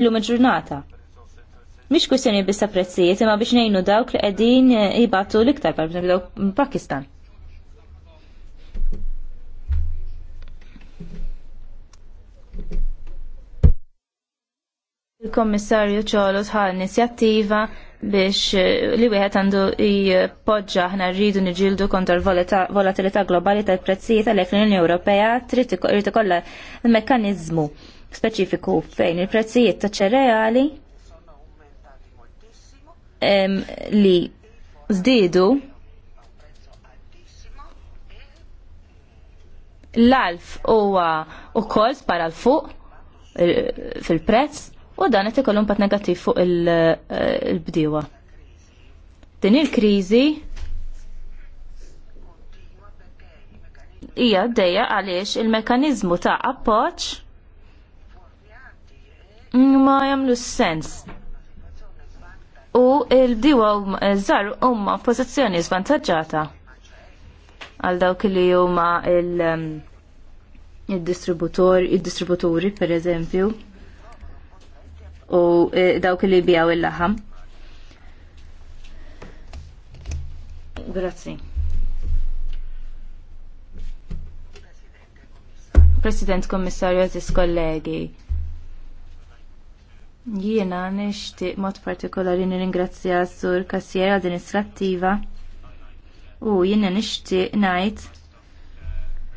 illum il-ġurnata. Mhix kwistjoni bissa ta' prezzijiet imma biex ngħinu dawk li qegħdin jibatu l-iktar par Pakistan. Il-Kommissarju ċolos ħal inizjattiva biex eh, li wieħed għandu jpoġġa aħna rridu niġildu kontra l-volatilità globali tal-prezzijiet għalhekk l-Unjoni Ewropea trid l mekkaniżmu speċifiku fejn il-prezzijiet ta' ċereali li żdiedu l-alf huwa ukoll spara l-fuq eh, fil-prezz u dan qed ikollu impatt negattiv fuq eh, il-bdiewa. Din il-kriżi hija għaddejja għaliex il-mekkaniżmu ta' appoġġ ma jagħmlu sens. U l-bdiewa żar huma f'pożizzjoni żvantaġġata għal dawk li huma il ehm, il-distributuri per eżempju u e, dawk li bijaw il-laħam. Grazzi. President Kommissarju Aziz kollegi, jiena nixtieq mod partikolari nirringrazzja sur kassier amministrattiva u jiena nixtieq ngħid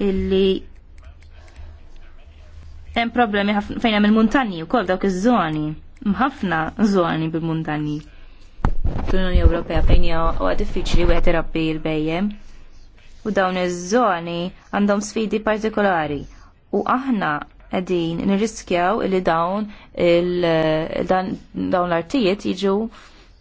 illi hemm problemi fejn hemm il-muntanji wkoll dawk iż-żoni. Mħafna żoni bil-muntanji. Fl-Unjoni Ewropea fejn huwa diffiċli wieħed irabbi l-bejjem. U dawn iż-żoni għandhom sfidi partikolari. U aħna qegħdin nirriskjaw li dawn dawn l-artijiet jiġu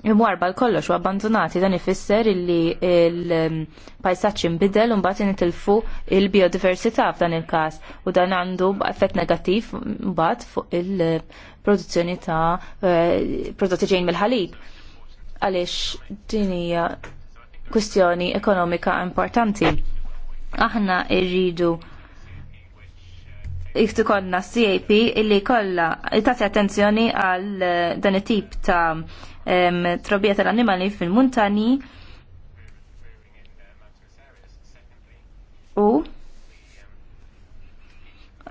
imwarba l-kollox u abbandonati dan ifisser illi il-pajsaċ imbidel un bat nitilfu il-biodiversità f'dan il-kas u dan għandu effett negativ bat fuq il-produzzjoni ta' eh, prodotti ġejn mill-ħalib għaliex din hija kwistjoni ekonomika importanti. Aħna irridu iktu konna CAP illi kolla tati attenzjoni għal eh, dan it-tip ta' trobija tal-animali fil-muntani u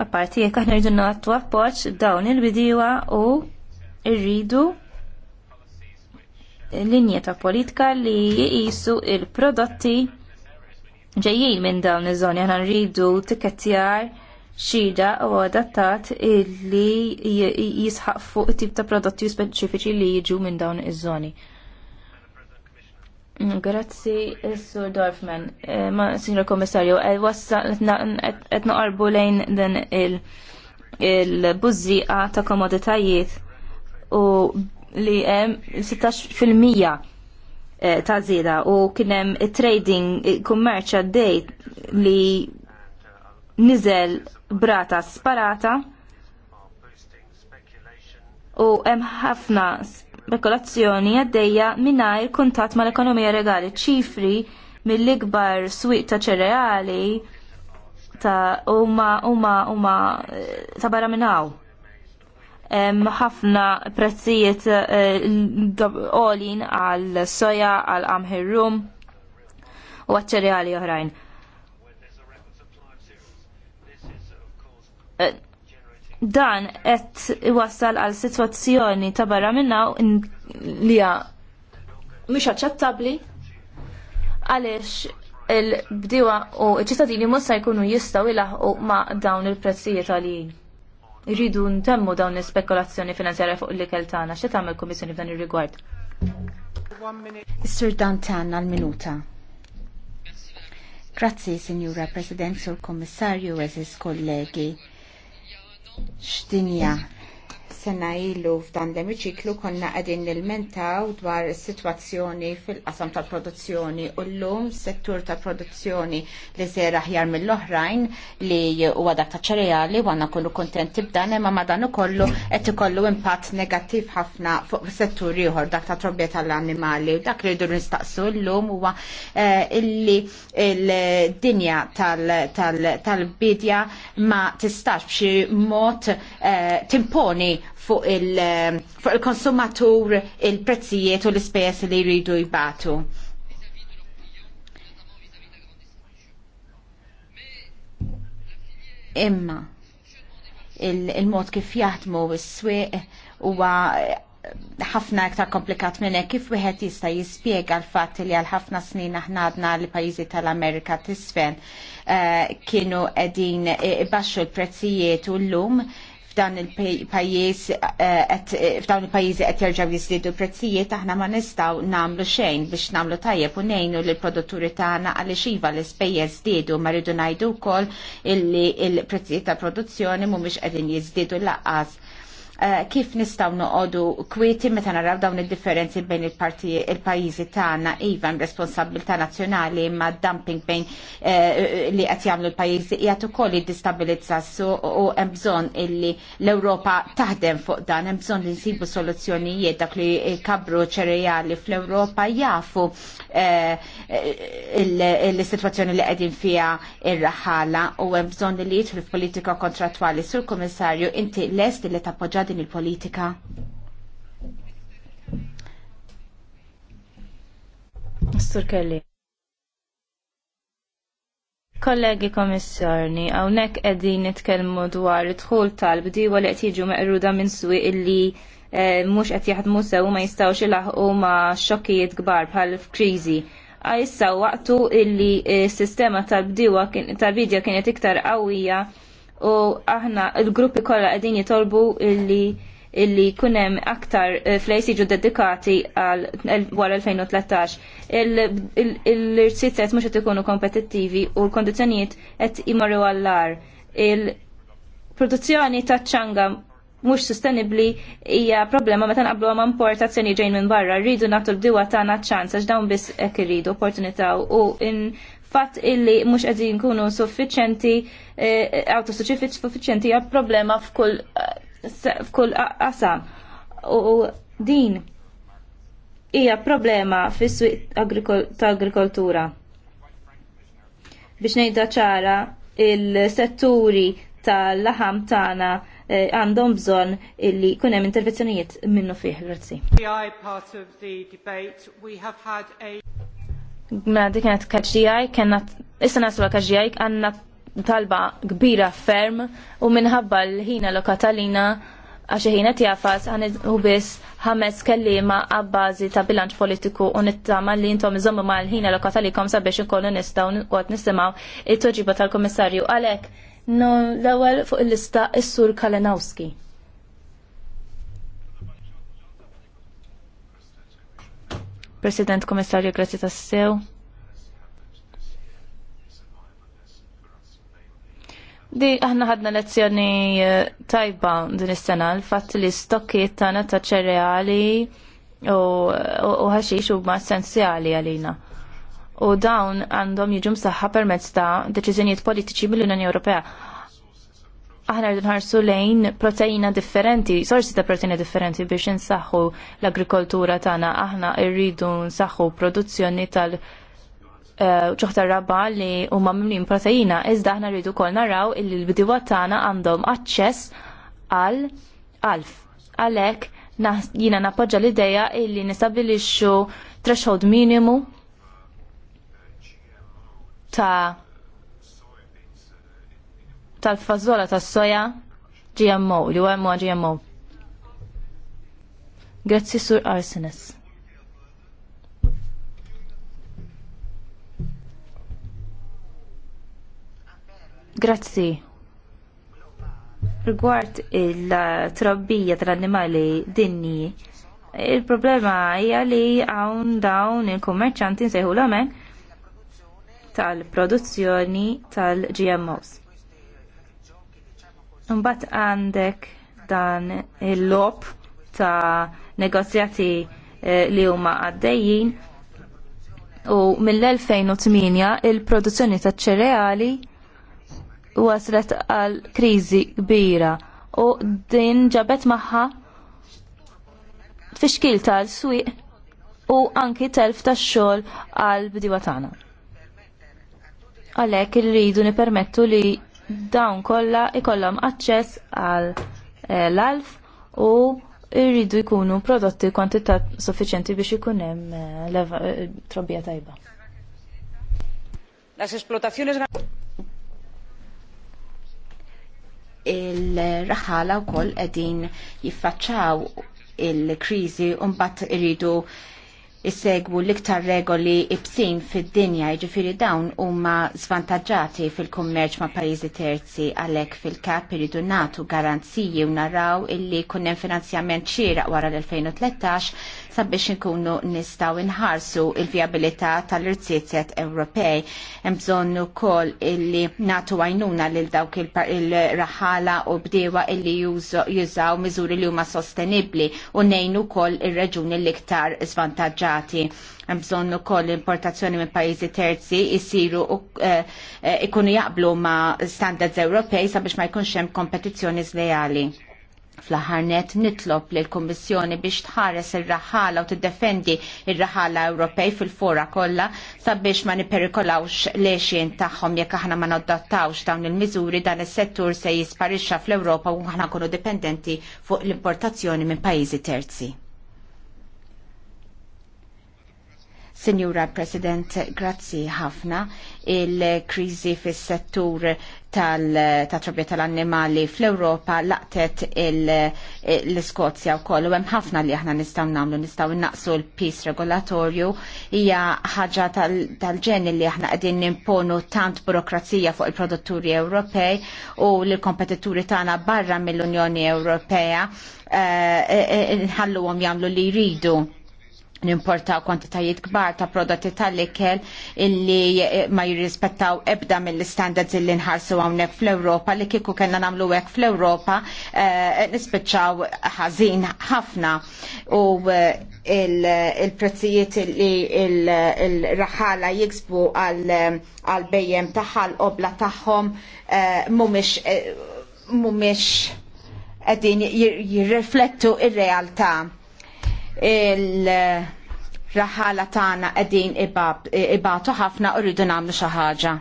apparti jek aħna rridu nagħtu appoġġ dawn il bidiwa u rridu linje ta' politika li jisu il-prodotti ġejjin minn dawn iż-żoni aħna rridu tikketjar xida u adattat illi jisħaq fuq tip ta' prodotti speċifiċi li jiġu minn dawn iż-żoni. Grazzi, Sur Dorfman. Eh, ma, Signor Komissarju, eh, qed noqarbu lejn din il-bużziqa ta' komoditajiet u li hemm 16 eh, ta' zida u kienem trading kummerċa għaddej li nizel brata sparata u hemm ħafna spekulazzjoni għaddejja mingħajr kuntat mal-ekonomija regali ċifri mill-ikbar swiq ta' ċereali ta' huma umma umma eh, ta' barra minnaw. hawn. Hemm ħafna prezzijiet eh, għolin għal soja, għal amherrum u għal ċereali oħrajn. dan qed iwassal għal sitwazzjoni ta' barra minna li hija mhix aċċettabbli għaliex il-bdiwa u ċittadini mhux se jkunu jistgħu jilaħqu ma' dawn il-prezzijiet għalijin. jridu ntemmu dawn l-spekulazzjoni finanzjarja fuq li ikel tagħna x'e tagħmel kummissjoni f'dan ir-rigward. Is-Sur Dantan għal-minuta. Grazzi, Signora President, Sur Kommissarju, eżis kollegi xtinja sena ilu f'dan l-emiċiklu konna għedin nil-mentaw dwar situazzjoni fil-qasam tal-produzzjoni u l-lum settur tal-produzzjoni li sera ħjar mill-oħrajn li u għadak ta' ċereali għanna kollu kontenti b'dan imma ma dan kollu qed ikollu impatt negattiv ħafna fuq settur ieħor dak ta' trobbiet tal-annimali u dak li jridu nistaqsu l-lum huwa eh, illi l-dinja tal-bidja ma tistax b'xi mod eh, timponi Eh, fuq il-konsumatur il il-prezzijiet u l ispess li jridu jibatu. Imma il-mod kif jaħdmu s-swieq huwa ħafna iktar komplikat minn hekk kif wieħed jista' jispjega l-fatt li għal ħafna snin aħna għadna li pajjiżi tal-Amerika tisfen eh, kienu qegħdin ibaxxu l-prezzijiet u llum f'dan il-pajjiż eh, eh, f'dawn il-pajjiżi qed jerġgħu jiżdiedu prezzijiet aħna ma nistgħu nagħmlu xejn biex nagħmlu tajjeb u ngħinu lill produtturi tagħna għaliex iva l-ispejjeż żdiedu ma rridu ngħidu wkoll illi l-prezzijiet tal-produzzjoni mhumiex qegħdin jiżdiedu laqqas Eh, kif nistaw noqodu kwieti meta naraw dawn id-differenzi bejn il-pajjiżi tagħna iva responsabilità nazzjonali ma dumping bejn eh, li qed jagħmlu l-pajjiżi qiegħed ukoll jiddistabilizza suq u hemm bżonn illi l-Ewropa taħdem fuq dan, hemm bżonn li nsibu soluzzjonijiet dak li kabru ċerejali fl-Ewropa jafu eh, l-sitwazzjoni li qegħdin fiha ir-raħala u hemm bżonn li jidħlu f'politika kontrattwali sur kummissarju inti lest li tappoġġa din il-politika. Mr. Kelly. Kollegi komissarni, għawnek edin nitkelmu dwar it-tħul tal-bdiwa li għetiġu meqruda minn swi illi eh, mux qed jaħdmu sew ma jistgħux ilaħqu ma' xokkijiet kbar bħal f'kriżi. Issa waqtu illi eh, s-sistema tal-bdiewa tal-bidja kienet iktar qawwija u aħna il-gruppi kollha qegħdin jitolbu illi illi kunem aktar eh, flejs ġu dedikati għal wara 2013. Il-rsizzet mux ikunu kompetittivi u l-kondizjoniet qed imorru għallar. Il-produzzjoni ta' ċanga mux sustenibli hija problema meta naqblu għam importazzjoni ġejn minn barra. Rridu nagħtu l-bdiwa tagħna naċċan, sa dawn biss hekk irridu opportunità u in fatt illi mhux qegħdin nkunu suffiċenti eh, autosuffiċenti hija problema f'kull eh, f'kull qasam. U din hija problema fis-swieq ta' agrikoltura. Biex nejda ċara, il-setturi tal-laħam tagħna eh, għandhom bżonn illi jkun hemm intervenzjonijiet minnu fih, grazzi. Ma mela, dik kienet kaġġijaj, kienna, issa naslu kaġġijaj għanna talba kbira ferm u minħabba l-ħina lokatalina għaxi ħina tjafas għan hubis ħames kellima għabbażi ta' bilanċ politiku u nittama li jintom iżommu ma' l-ħina lokatalikom sabiex ikollu nistaw għot nisimgħu it-toġiba tal-komissarju għalek no l-ewel fuq il-lista is-sur Kalenowski. President grazie grazzi tassew. Di aħna ħadna lezzjoni eh, tajba din is-sena l-fatt li stokkiet tagħna ta' ċereali u ħaxix huma essenzjali għalina. U dawn għandhom jiġu msaħħa permezz ta' deċiżjonijiet politiċi mill-Unjoni Ewropea aħna rridu nħarsu lejn proteina differenti, sorsi ta' proteina differenti biex nsaħħu l-agrikoltura tagħna. Aħna rridu nsaħħu produzzjoni tal- eh, ċoħta raba li huma mimlin proteina, iżda aħna rridu kol naraw illi l-bidiwa tagħna għandhom aċċess għal alf. Għalhekk jina nappoġġa l-ideja illi nistabilixxu threshold minimu ta' tal-fazzola tas-soja GMO, li huwa GMO. Grazzi sur Arsenis. Grazzi. Rigward il-trabbija tal-annimali dinni, il-problema hija li hawn dawn il-kummerċanti nsejħu l tal-produzzjoni tal-GMOs. Mbatt għandek dan il lop ta' negozjati eh, li huma għaddejjin u mill-2008 il-produzzjoni ta' ċereali waslet għal kriżi kbira u din ġabet magħha fiskil tal-swieq u anki telf tax-xogħol għal bdiwa tagħna. Għalhekk irridu nipermettu li dawn kollha ikollhom aċċess għal eh, l-alf u jridu jkunu prodotti kwantità suffiċjenti biex ikun hemm eh, eh, trobbija tajba. Las esplotaciones il-raħala wkoll qegħdin jiffaċċaw il-kriżi u mbagħad iridu jissegwu l-iktar regoli ibsin fid-dinja ġifiri dawn huma svantagġati fil-kummerċ ma' pajjiżi terzi għalhekk fil-kap iridu natu garanziji u naraw illi kunnem finanzjament xieraq wara l-2013 sabiex nkunu nistaw inħarsu il-vjabilità tal-irtizet Ewropej. Hemm bżonn ukoll illi natu għajnuna lil dawk il-raħala u bdewa illi jużaw miżuri li huma sostenibbli u nejnu ukoll ir-reġuni l-iktar svantaġġati bżonn ukoll importazzjoni minn pajjiżi terzi jsiru eh, eh, ikunu jaqblu ma' standards Ewropej sabiex ma jkunx hemm kompetizzjoni zlejali. Fl-ħarnet nitlob li l-Kommissjoni biex tħares il-raħala u tiddefendi il-raħala Ewropej fil-fora kollha sabiex ma niperikolawx lexien tagħhom jekk aħna ma nadattawx dawn il-miżuri dan is-settur se jisparixxa fl-Ewropa u aħna konu dipendenti fuq l-importazzjoni minn pajjiżi terzi. Signora President, grazzi ħafna. Il-krizi fis settur tal-trabja tal-annimali fl-Europa laqtet l-Skozja u kollu. Hemm ħafna li aħna nistgħu nagħmlu nistgħu naqsu l peace regolatorju hija ħaġa tal-ġeni li aħna qegħdin nimponu tant burokrazija fuq il-produtturi Ewropej u l-kompetituri tagħna barra mill-Unjoni Ewropea eh, eh, eh, nħalluhom jagħmlu li jridu nimportaw kwantitajiet kbar ta' prodotti tal-ikel illi ma jirrispettaw ebda mill-standards illi nħarsu għawnek fl-Europa li kiku kena namlu għek fl-Europa eh, nispeċaw ħazin ħafna u eh, il-prezzijiet illi li il-raħala jiksbu għal-bejjem taħħal obla taħħom eh, mumiex mumiex għedin jirriflettu il realtà il-raħala tagħna qegħdin ibatu ħafna u rridu nagħmlu xi ħaġa.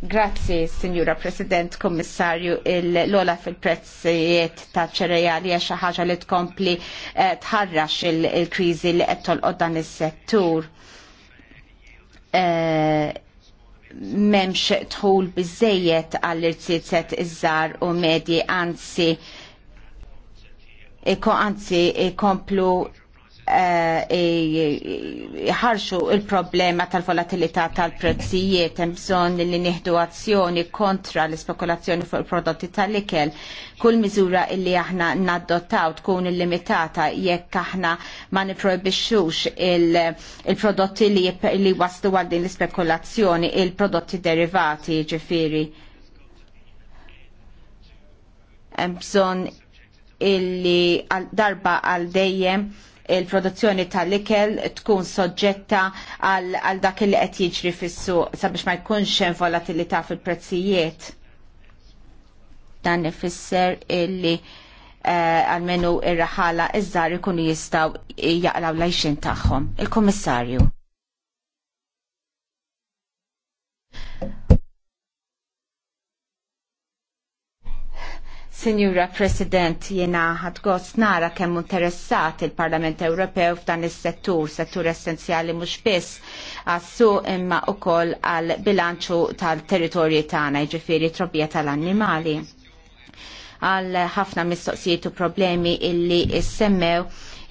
Grazzi, Signora President, Kommissarju, l-ola fil-prezzijiet ta' ċerejali għaxa ħaġa li tkompli eh, tħarrax il-krizi li qed tolqod dan is-settur. Eh, memx tħul bizzejiet għall-irtizet iż-żar u medji anzi anzi komplu Eh, ħarxu il-problema tal-volatilità tal-prezzijiet, hemm bżonn li nieħdu azzjoni kontra l-ispekulazzjoni fuq il-prodotti tal-ikel. Kull miżura illi aħna naddottaw tkun illimitata jekk aħna ma niprojbixxux il-prodotti li waslu għal din l-ispekulazzjoni, il-prodotti derivati ġifiri. Hemm bżonn illi darba għal dejjem il-produzzjoni tal-ikel tkun soġġetta għal dak li qed jiġri fis-suq sabiex ma jkunx hemm volatilità fil-prezzijiet. Dan ifisser illi eh, għalmenu ir-raħala iż-żar ikunu jistgħu jaqlaw lajxin tagħhom. Il-Kummissarju. Signora President, jena ħadgost nara kemm interessat il-Parlament Ewropew f'dan is-settur, settur essenzjali mhux biss għassu imma ukoll għal bilanċu tal-territorji tagħna, jiġifieri trobbija tal-annimali. Għal ħafna mistoqsijiet u problemi illi issemmew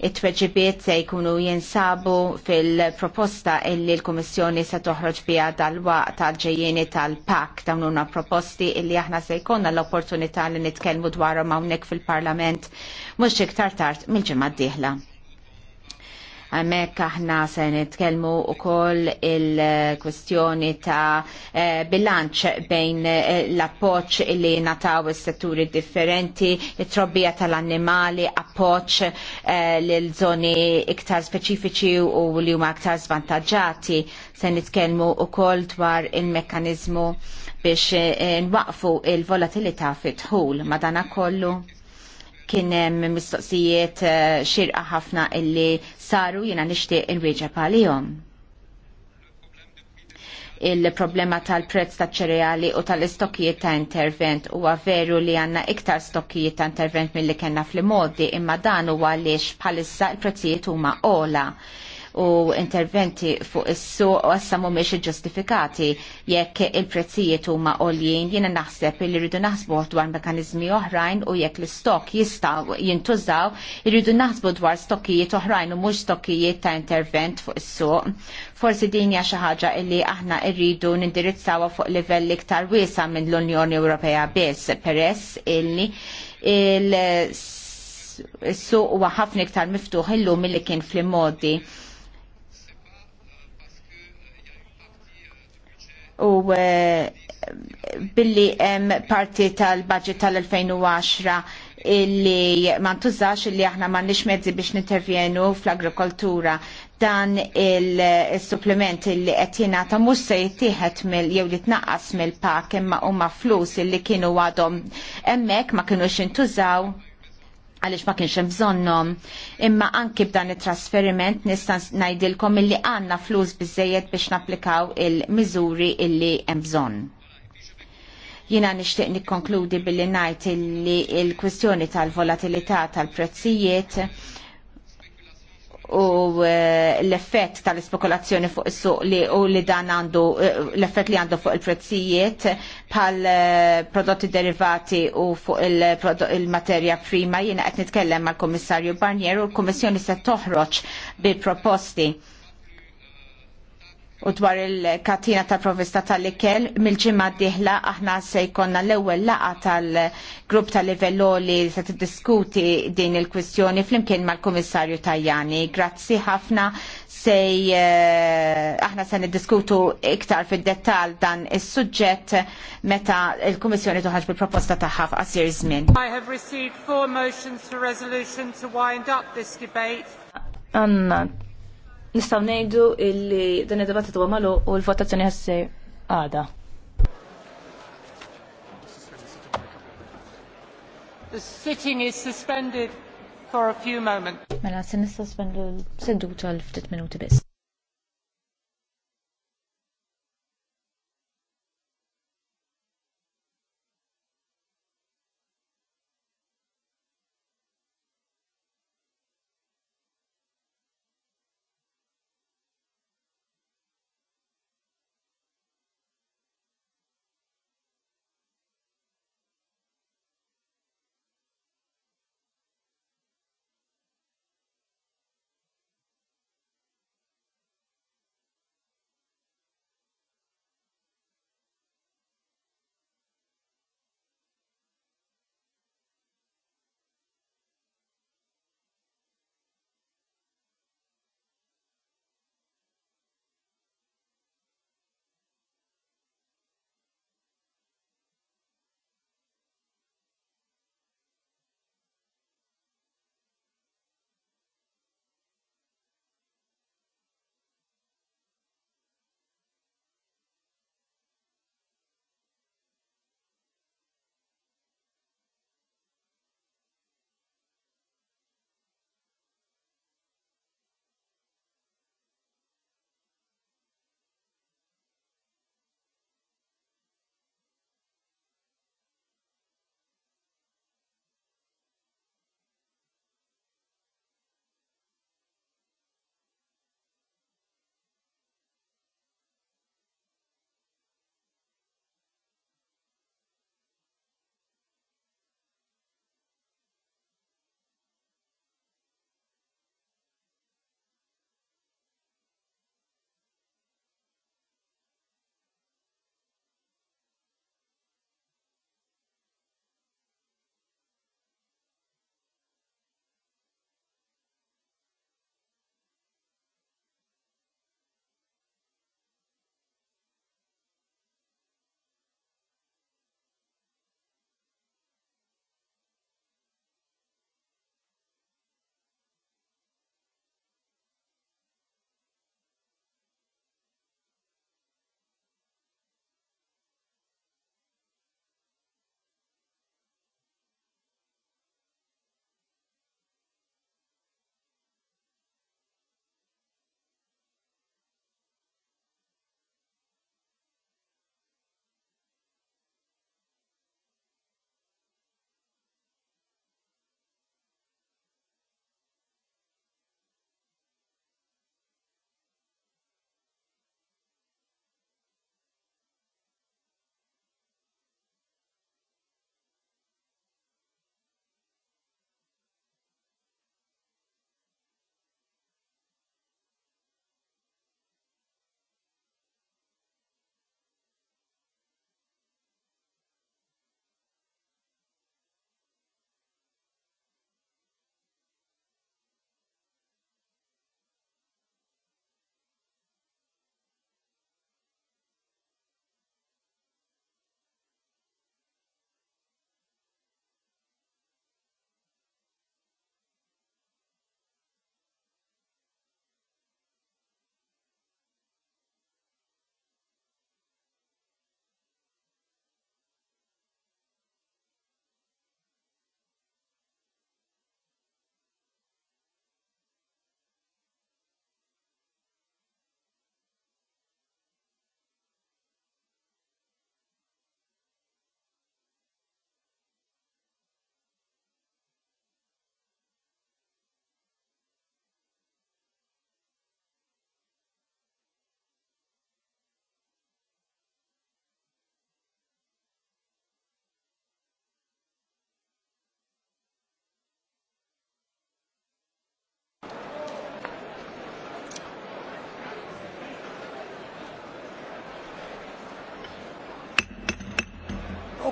it-tweġibiet se jkunu jinsabu fil-proposta illi l-Kummissjoni se toħroġ biha dal-waqt tal-ġejjeni tal-PAK dawn huna proposti illi aħna se jkollna l-opportunità li nitkellmu dwarhom hawnhekk fil-Parlament mhux iktar tard mill-ġimgħa d-dieħla. Għamek aħna se nitkellmu wkoll il-kwestjoni ta' eh, bilanċ bejn eh, l-appoċ li nataw is-setturi differenti, it-trobbija tal-annimali, appoċ eh, lil żoni iktar speċifiċi u li huma iktar svantaġġati. Se nitkellmu wkoll dwar il-mekkaniżmu biex nwaqfu il-volatilità fit-tħul madana kollu Kien hemm mistoqsijiet eh, xirqa ħafna illi saru jiena nixtieq inwieġeb għalihom. Il-problema tal-prezz taċ ċereali u tal-istokkijiet ta' intervent huwa veru li għandna iktar stokkijiet ta' intervent mill-li kena fl-modi imma dan huwa għaliex bħalissa il prezzijiet huma ola u interventi fuq is-suq u issa mhumiex ġustifikati jekk il-prezzijiet huma għoljin jiena naħseb li rridu naħsbu dwar mekanizmi oħrajn u jekk l-istok jistgħu jintużaw irridu naħsbu dwar stokkijiet oħrajn u mhux stokkijiet ta' intervent fuq is-suq. Forsi din hija xi ħaġa li aħna rridu nindirizzawha fuq livell iktar wiesa minn l-Unjoni Ewropea biss peress illi il-suq huwa ħafna iktar miftuħ illum milli kien fl-immodi. u e, billi hemm parti tal-budget tal-2010 illi ma ntużax illi aħna ma nix mezzi biex nintervjenu fl-agrikoltura dan il-supplement illi qed jingħata mhux se jittieħed mill jew li tnaqqas mill-pak imma huma flus illi kienu għadhom hemmhekk ma kinux intużaw għalix ma kienx hemm bżonnhom. Imma anki b'dan it-trasferiment nista' ngħidilkom illi għandna flus biżejjed biex napplikaw il-miżuri illi hemm bżonn. Jina nixtieq nikkonkludi billi ngħid illi l-kwistjoni tal-volatilità tal-prezzijiet u eh, l-effett tal-ispekulazzjoni fuq is-suq li u li dan għandu eh, l-effett li għandu fuq il-prezzijiet bħal eh, prodotti derivati u fuq il-materja prima jiena qed nitkellem mal-Kummissarju Barnier u l-Kummissjoni se toħroġ bi proposti u dwar il-katina tal-provista tal-ikel mill-ġimma diħla aħna se jkonna l-ewwel laqa tal-grupp tal-livelloli se tiddiskuti din il-kwistjoni flimkien mal-Kummissarju Tajani. Grazzi ħafna sej eh, aħna se niddiskutu iktar fid-dettall dan is-suġġett meta l komissjoni toħarġ bil-proposta tagħha f'qasir żmien. I have received four motions for resolution to wind up this debate. Anna, Nistaw nejdu illi dan id-dibattitu għamalu u l-votazzjoni għassir għada. The sitting is suspended for a few moments. Mela, se nista' spendu seduta l-ftit minuti biss.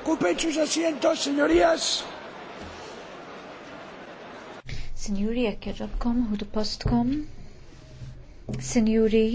Ocupen sus asientos, señorías. Signori, jekk jaġobkom, u postkom. Signori,